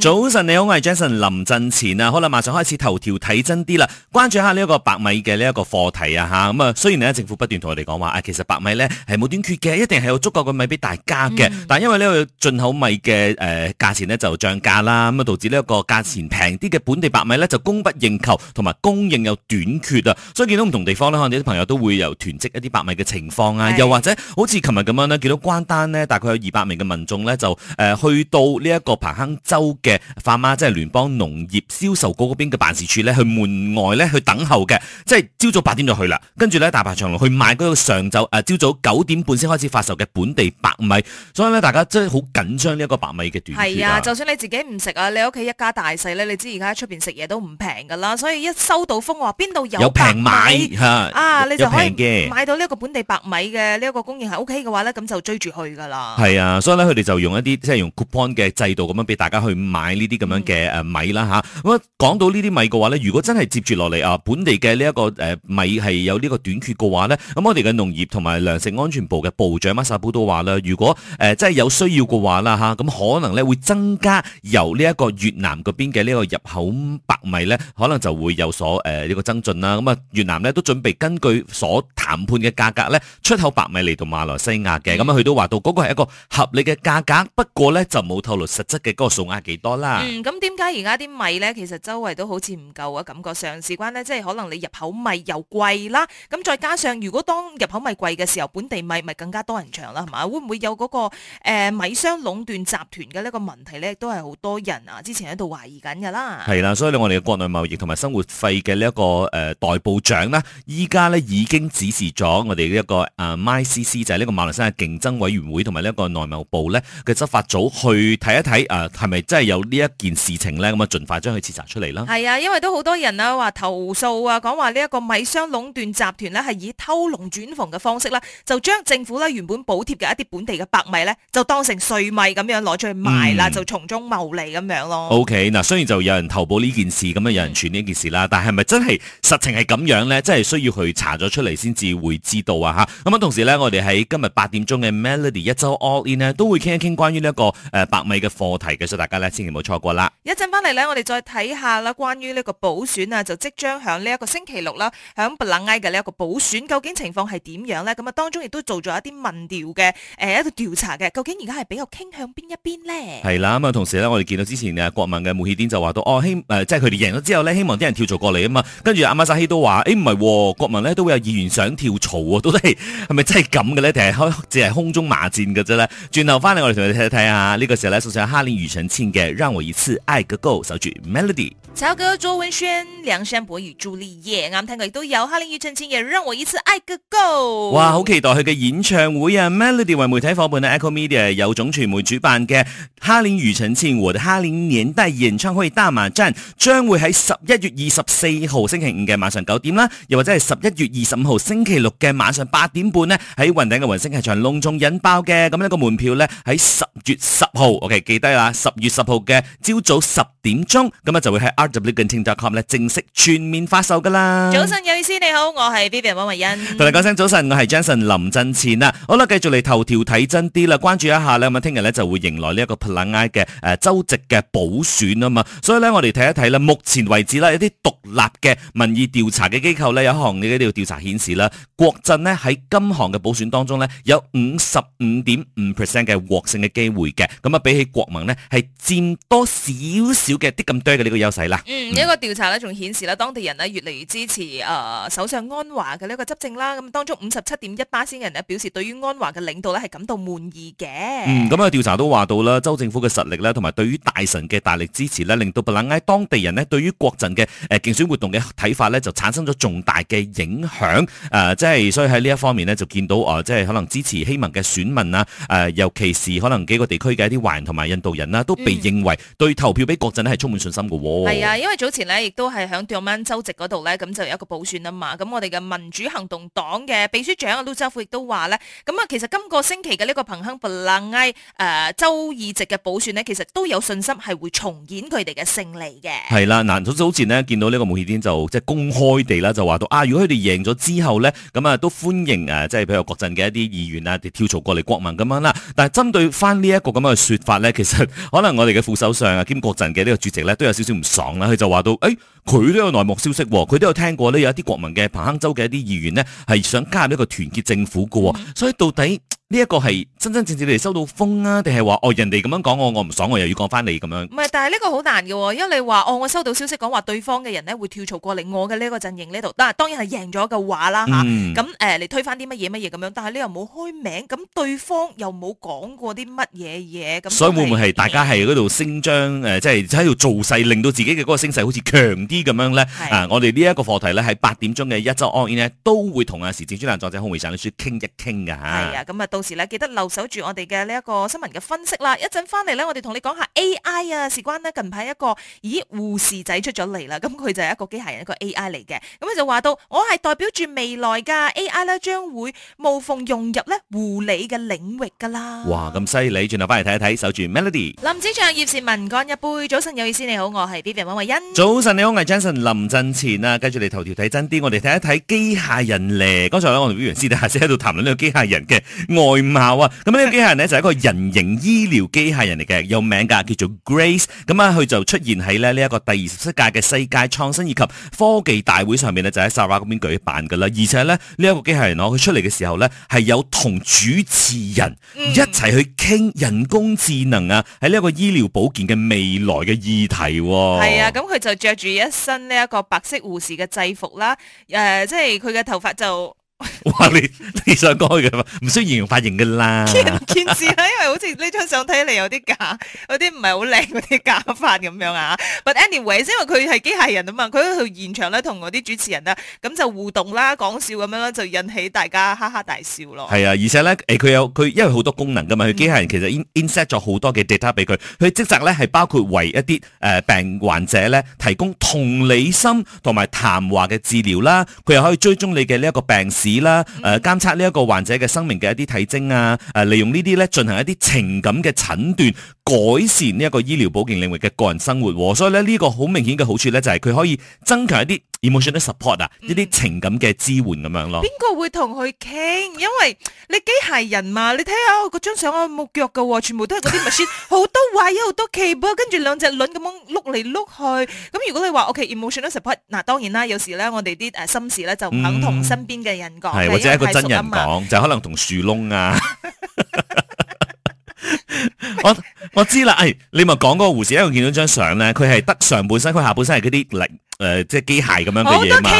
早晨，你好，我係 Jason。臨陣前啊，好啦，馬上開始頭條睇真啲啦，關注下呢一個白米嘅呢一個課題啊，吓咁啊。雖然咧政府不斷同我哋講話啊，其實白米呢係冇短缺嘅，一定係有足夠嘅米俾大家嘅。嗯、但係因為呢個進口米嘅誒、呃、價錢咧就漲價啦，咁、嗯、啊導致呢一個價錢平啲嘅本地白米呢就供不應求，同埋供應又短缺啊。所以見到唔同地方咧，可能啲朋友都會有囤積一啲白米嘅情況啊。是又或者好似琴日咁樣呢，見到關單呢，大概有二百名嘅民眾呢，就誒、呃、去到呢一個彭亨州。嘅發媽即係聯邦農業銷售局嗰邊嘅辦事處咧，去門外咧去等候嘅，即係朝早八點就去啦。跟住咧大排長龍去買嗰個上晝誒朝早九點半先開始發售嘅本地白米，所以咧大家真係好緊張呢一個白米嘅短缺。係啊，就算你自己唔食啊，你屋企一家大細咧，你知而家喺出邊食嘢都唔平噶啦，所以一收到風話邊度有平買啊，有你就可以買到呢一個本地白米嘅呢一個供應係 O K 嘅話咧，咁就追住去噶啦。係啊，所以咧佢哋就用一啲即係用 coupon 嘅制度咁樣俾大家去買。買呢啲咁樣嘅米啦嚇，咁啊講到呢啲米嘅話咧，如果真係接住落嚟啊，本地嘅呢一個米係有呢個短缺嘅話咧，咁我哋嘅農業同埋糧食安全部嘅部長馬薩布都話啦，如果誒真係有需要嘅話啦嚇，咁可能咧會增加由呢一個越南嗰邊嘅呢個入口白米咧，可能就會有所誒呢個增進啦。咁啊越南咧都準備根據所談判嘅價格咧，出口白米嚟到馬來西亞嘅，咁啊佢都話到嗰個係一個合理嘅價格，不過咧就冇透露實質嘅嗰個數額幾多。多啦，嗯，咁點解而家啲米咧，其實周圍都好似唔夠啊，感覺上事關咧，即係可能你入口米又貴啦，咁再加上如果當入口米貴嘅時候，本地米咪更加多人搶啦，係嘛？會唔會有嗰個誒米商壟斷集團嘅呢一個問題咧？都係好多人啊，之前喺度懷疑緊㗎啦。係啦，所以咧，我哋嘅國內貿易同埋生活費嘅呢一個誒代部長啦，依家咧已經指示咗我哋呢一個啊 MyCC，就係呢個馬來西亞競爭委員會同埋呢一個內貿部咧嘅執法組去睇一睇誒，係咪真係有？有呢一件事情咧，咁啊，盡快將佢徹查出嚟啦。係啊，因為都好多人啊話投訴啊，講話呢一個米商壟斷集團咧，係以偷龍轉鳳嘅方式啦，就將政府咧原本補貼嘅一啲本地嘅白米咧，就當成碎米咁樣攞出去賣啦，嗯、就從中牟利咁樣咯。O K，嗱，雖然就有人投保呢件事，咁啊有人傳呢件事啦，但係咪真係實情係咁樣咧？真係需要去查咗出嚟先至會知道啊！吓，咁啊，同時咧，我哋喺今日八點鐘嘅 Melody 一週 All In 呢，都會傾一傾關於呢一個誒白米嘅課題嘅，所以大家咧冇錯過啦！一陣翻嚟咧，我哋再睇下啦，關於呢個補選啊，就即將響呢一個星期六啦，響布蘭埃嘅呢一個補選，究竟情況係點樣咧？咁啊，當中亦都做咗一啲民調嘅，誒，一個調查嘅，究竟而家係比較傾向邊一邊呢？係啦，咁啊，同時咧，我哋見到之前啊、哦呃哎，國民嘅慕尤丁就話到，哦，希即係佢哋贏咗之後咧，希望啲人跳槽過嚟啊嘛，跟住阿末扎希都話，誒，唔係，國民呢都會有議員想跳槽啊，到底係咪真係咁嘅咧？定係開只係空中罵戰嘅啫咧？轉頭翻嚟，我哋同你睇一睇下呢個時候呢，送上哈林庾澄慶嘅。讓我一次愛個夠，小曲 Melody。曹格、卓文萱、梁山伯與朱麗葉，啱聽佢都有。哈林庾澄慶也讓我一次愛個夠。哇，好期待佢嘅演唱會啊 ！Melody 為媒體伙伴呢，Echo Media 有種傳媒主辦嘅哈林庾澄慶和哈林年代演唱會大馬站，將會喺十一月二十四號星期五嘅晚上九點啦，又或者係十一月二十五號星期六嘅晚上八點半呢，喺雲頂嘅雲星劇場隆重引爆嘅。咁呢個門票呢，喺十月十號，OK，記得啦，十月十號嘅朝早十點鐘，咁就會喺 www.teen.com 咧正式全面發售噶啦。早晨，有意思你好，我係 Vivian 汪慧欣，同你講聲早晨，我係 Jason 林振前啊。好啦，繼續嚟頭條睇真啲啦，關注一下咧咁啊，聽日咧就會迎來呢一個普拉耶嘅誒州席嘅補選啊嘛。所以咧，我哋睇一睇咧，目前為止咧一啲獨立嘅民意調查嘅機構咧有一項嘢咧要調查顯示啦，國陣咧喺今行嘅補選當中咧有五十五點五 percent 嘅獲勝嘅機會嘅。咁啊，比起國盟咧係佔多少少嘅啲咁多嘅呢個優勢。嗯，一個調查咧，仲顯示咧，當地人咧越嚟越支持誒首相安華嘅呢一個執政啦。咁當中五十七點一巴仙人咧表示對於安華嘅領導咧係感到滿意嘅。嗯，咁、那、啊、個、調查都話到啦，州政府嘅實力咧同埋對於大臣嘅大力支持咧，令到布蘭埃當地人咧對於國陣嘅誒、呃、競選活動嘅睇法咧就產生咗重大嘅影響。誒、呃，即係所以喺呢一方面咧就見到誒、呃，即係可能支持希盟嘅選民啊，誒、呃、尤其是可能幾個地區嘅一啲華人同埋印度人啦，都被認為、嗯、對投票俾國陣咧係充滿信心嘅喎。啊、因為早前咧，亦都係響吊掹州席嗰度咧，咁就有一個補選啊嘛。咁我哋嘅民主行動黨嘅秘書長啊陸兆福亦都話咧，咁啊 Yeah.，其實今個星期嘅呢個彭亨布拉埃誒州議席嘅補選呢，其實都有信心係會重演佢哋嘅勝利嘅。係啦、啊，嗱，早早前呢，見到呢個慕尤丁就即係、就是、公開地啦，就話到啊，如果佢哋贏咗之後呢，咁啊都歡迎誒，即、啊、係譬如國陣嘅一啲議員啊，跳槽過嚟國民咁樣啦。但係針對翻呢一個咁樣嘅説法呢，其實可能我哋嘅副首相啊兼國陣嘅呢個主席呢，都有少少唔爽。佢就話到，誒、欸，佢都有內幕消息，佢都有聽過咧，有一啲國民嘅彭亨州嘅一啲議員咧，係想加入呢個團結政府嘅，所以到底呢一個係。真真正正你哋收到風啊？定係話哦，人哋咁樣講我，我唔爽，我又要講翻你咁樣。唔係，但係呢個好難嘅喎，因為你話哦，我收到消息講話對方嘅人咧會跳槽過嚟我嘅呢一個陣營呢度，但係當然係贏咗嘅話啦嚇。咁誒，你推翻啲乜嘢乜嘢咁樣，但係你又冇開名，咁對方又冇講過啲乜嘢嘢咁。所以會唔會係大家喺嗰度聲張誒，即係喺度做勢，令到自己嘅嗰個聲勢好似強啲咁樣咧？啊，我哋呢一個課題咧係八點鐘嘅一週 onion 咧都會同阿時政專欄作者康偉生老師傾一傾嘅嚇。係啊，咁啊到時咧記得留。守住我哋嘅呢一個新聞嘅分析啦，一陣翻嚟咧，我哋同你講下 AI 啊，事關咧近排一個咦護士仔出咗嚟啦，咁佢就係一個機械人一個 AI 嚟嘅，咁佢就話到我係代表住未來㗎，AI 咧將會無縫融入咧護理嘅領域㗎啦。哇，咁犀利！轉頭翻嚟睇一睇，守住 Melody，林子祥、葉倩文幹一杯。早晨，有意思你好，我係 Vivian 王慧欣。早晨你好，我係 Jensen 林振前啊。跟住嚟頭條睇真啲，我哋睇一睇機械人咧。剛才咧我同 B B 袁師弟先生喺度談論呢個機械人嘅外貌啊。咁呢個機械人咧就係，一個人形醫療機械人嚟嘅，有名噶叫做 Grace。咁啊，佢就出現喺咧呢一個第二十七屆嘅世界創新以及科技大會上面，咧，就喺沙巴嗰邊舉辦噶啦。而且咧呢一，這個機械人，攞佢出嚟嘅時候咧係有同主持人一齊去傾人工智能啊，喺呢一個醫療保健嘅未來嘅議題、哦。係啊，咁佢就着住一身呢一個白色護士嘅制服啦，誒、呃，即係佢嘅頭髮就。話你你想該嘅唔需要形容髮型嘅啦，見仁見智啦，因為好似呢張相睇嚟，有啲假，有啲唔係好靚嗰啲假髮咁樣啊。But anyway，因為佢係機械人啊嘛，佢喺現場咧同嗰啲主持人啊咁就互動啦，講笑咁樣咧就引起大家哈哈大笑咯。係啊，而且咧誒，佢有佢因為好多功能噶嘛，佢機械人其實 in insert 咗好多嘅 data 俾佢，佢職責咧係包括為一啲誒病患者咧提供同理心同埋談話嘅治療啦，佢又可以追蹤你嘅呢一個病史。啦，誒、啊，監測呢一個患者嘅生命嘅一啲體徵啊，誒、啊，利用呢啲咧進行一啲情感嘅診斷，改善呢一個醫療保健領域嘅個人生活，啊。所以咧呢、呢個好明顯嘅好處咧就係佢可以增強一啲。emotional support 啊、嗯，一啲情感嘅支援咁樣咯。邊個會同佢傾？因為你機械人嘛，你睇下嗰張相，我冇腳噶，全部都係嗰啲 machine，好多位，好多 keyboard，跟住兩隻輪咁樣碌嚟碌去。咁如果你話，OK，emotional、okay, support，嗱，當然啦，有時咧，我哋啲誒心事咧就唔肯同身邊嘅人講，或者、嗯、係一個真人講，就可能同樹窿啊。我。 我知啦，誒、哎，你咪講嗰個護士，因為見到張相咧，佢係得上半身，佢下半身係嗰啲力誒，即係機械咁樣嘅嘢嘛，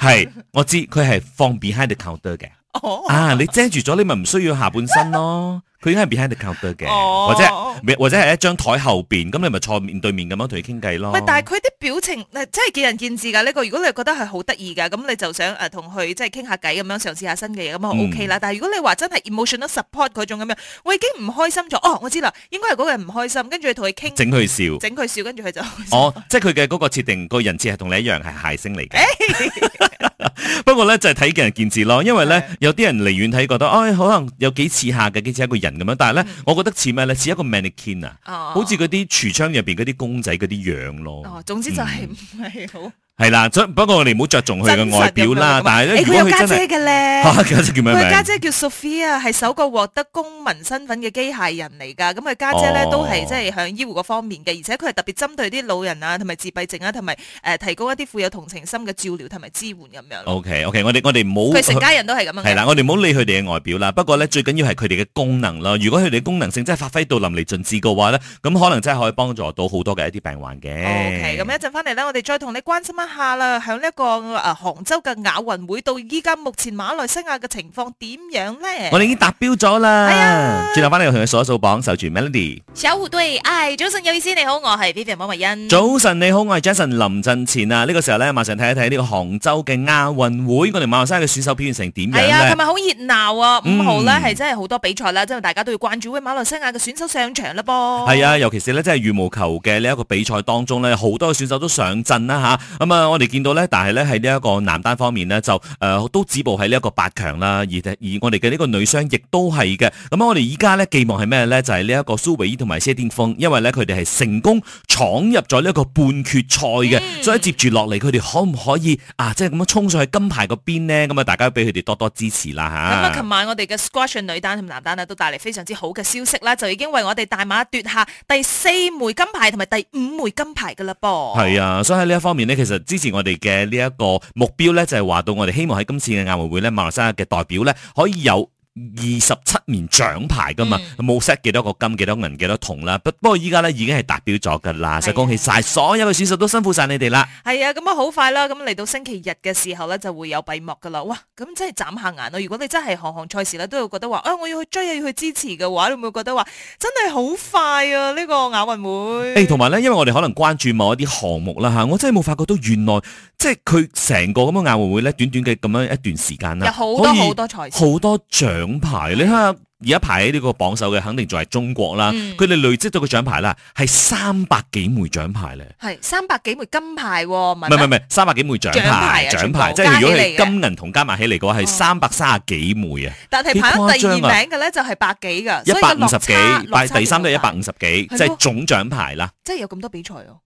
係、啊，我知佢係放 behind the counter 嘅，oh. 啊，你遮住咗，你咪唔需要下半身咯。 佢應該係 behind the counter 嘅，或者或者係一張台後邊，咁你咪坐面對面咁樣同佢傾偈咯。但係佢啲表情，即真係見仁見智㗎呢、呢個。如果你係覺得係好得意㗎，咁你就想誒同佢即係傾下偈咁樣嘗試下新嘅嘢，咁啊 OK 啦。嗯、但係如果你話真係 emotional support 嗰種咁樣，我已經唔開心咗。哦，我知啦，應該係嗰個人唔開心，跟住你同佢傾，整佢笑，整佢笑，跟住佢就哦，即係佢嘅嗰個設定、嗰個人設係同你一樣係諧星嚟嘅。哎、 不過咧就係、是、睇見仁見智咯，因為咧的有啲人離遠睇覺得，唉、哎，可能有幾似下嘅，幾似一個人。咁樣，但係咧， 我覺得似咩咧？似一個 mannequin 啊，oh。好似嗰啲櫥窗入邊嗰啲公仔嗰啲樣咯。哦，oh，總之就係唔係好。 係啦，不過我哋唔好著重佢嘅外表啦。但係咧，佢有家姐嘅咧。佢家姐叫咩名？佢家姐叫 Sophia，係首個獲得公民身份嘅機械人嚟噶。咁佢家姐咧都係即係響醫護嗰方面嘅，而且佢係特別針對啲老人啊，同埋自閉症啊，同埋誒提供一啲富有同情心嘅照料同埋支援咁樣。OK，OK，我哋我哋唔好佢成家人都係咁樣。係啦，我哋唔好理佢哋嘅外表啦。不過咧，最緊要係佢哋嘅功能咯。如果佢哋嘅功能性真係發揮到淋漓盡致嘅話咧，咁可能真係可以幫助到好多嘅一啲病患嘅。OK，咁一陣翻嚟咧，我哋再同你關心啊。下啦，響呢一個誒、呃，杭州嘅亞運會到依家目前馬來西亞嘅情況點樣咧？我哋已經達標咗啦、哎呀 掃掃。係啊，轉頭翻嚟同你數一數榜，守住 Melody。小虎隊，哎，早晨有意思，你好，我係 Vivian 黃慧欣。早晨你好，我係 Jason 林振前啊。呢、這個時候咧，馬上睇一睇呢個杭州嘅亞運會，我、這、哋、個、馬來西亞嘅選手表現成點樣咧？係、哎、啊，琴日好熱鬧啊！五號咧係真係好多比賽啦，即係大家都要關注，馬來西亞嘅選手上場啦噃。係啊、哎，尤其是咧，即係羽毛球嘅呢一個比賽當中咧，好多嘅選手都上陣啦吓，咁啊。嗯我哋見到咧，但係咧喺呢一個男單方面呢，就誒、呃、都止步喺呢一個八強啦。而而我哋嘅呢個女雙亦都係嘅。咁、嗯、我哋而家咧，寄望係咩咧？就係呢一個蘇偉同埋謝天峰，因為咧佢哋係成功闖入咗呢一個半決賽嘅。嗯、所以接住落嚟，佢哋可唔可以啊？即係咁樣衝上去金牌個邊呢？咁、嗯、啊，大家俾佢哋多多支持啦吓。咁啊、嗯，琴晚我哋嘅 squash 女單同男單啊，都帶嚟非常之好嘅消息啦，就已經為我哋大馬奪下第四枚金牌同埋第五枚金牌噶啦噃。係啊，所以喺呢一方面呢，其實。支持我哋嘅呢一個目標咧，就係話到我哋希望喺今次嘅亞運會咧，馬來西亞嘅代表咧可以有。二十七年獎牌噶嘛，冇 set 幾多個金、幾多銀、幾多銅啦。不不過依家咧已經係達標咗噶啦，就、啊、恭喜晒所有嘅選手都辛苦晒你哋啦。係啊，咁啊好快啦，咁嚟到星期日嘅時候咧就會有閉幕噶啦。哇，咁真係眨下眼咯。如果你真係行行賽事咧，都會覺得話，啊、哎、我要去追，要去支持嘅話，你會唔會覺得話真係好快啊呢、這個亞運會？誒、哎，同埋咧，因為我哋可能關注某一啲項目啦吓，我真係冇發覺到原來。即係佢成個咁樣亞運會咧，短短嘅咁樣一段時間啦，有好多好多賽事，好多獎牌。你睇下而家排喺呢個榜首嘅，肯定就係中國啦。佢哋累積到嘅獎牌啦，係三百幾枚獎牌咧。係三百幾枚金牌，唔係唔係唔係三百幾枚獎牌，獎牌即係如果你金銀銅加埋起嚟嘅話，係三百三十幾枚啊。但係排喺第二名嘅咧，就係百幾噶，一百五十幾，排第三都係一百五十幾，即係總獎牌啦。即係有咁多比賽哦。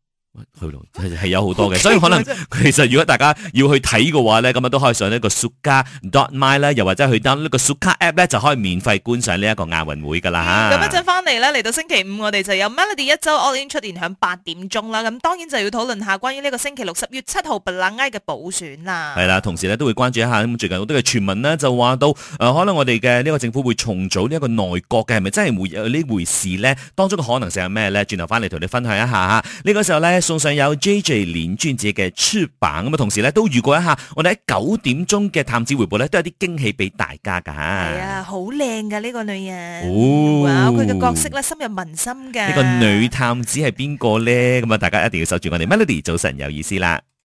係咯，係有好多嘅，的所以可能其實如果大家要去睇嘅話咧，咁啊都可以上呢個蘇卡 dot my 咧，又或者去 download 呢個蘇卡 app 咧，就可以免費觀賞呢、嗯、一個亞運會噶啦。咁一陣翻嚟咧，嚟到星期五我哋就有 Melody 一周 online 出現，響八點鐘啦。咁當然就要討論下關於呢個星期六十月七號伯蘭埃嘅補選啦。係啦，同時咧都會關注一下咁最近好多嘅傳聞呢，就話到誒，可能我哋嘅呢個政府會重組呢一個內閣嘅，係咪真係會有呢、呃、回事呢？當中嘅可能性係咩咧？轉頭翻嚟同你分享一下吓，呢、這個時候咧。送上有 JJ 連專者嘅出版，咁啊，同時咧都預告一下，我哋喺九點鐘嘅探子回報咧，都有啲驚喜俾大家噶。係啊，好靚噶呢個女人，哦、哇，佢嘅角色咧深入民心噶。呢個女探子係邊個咧？咁啊，大家一定要守住我哋 Melody 早晨有意思啦。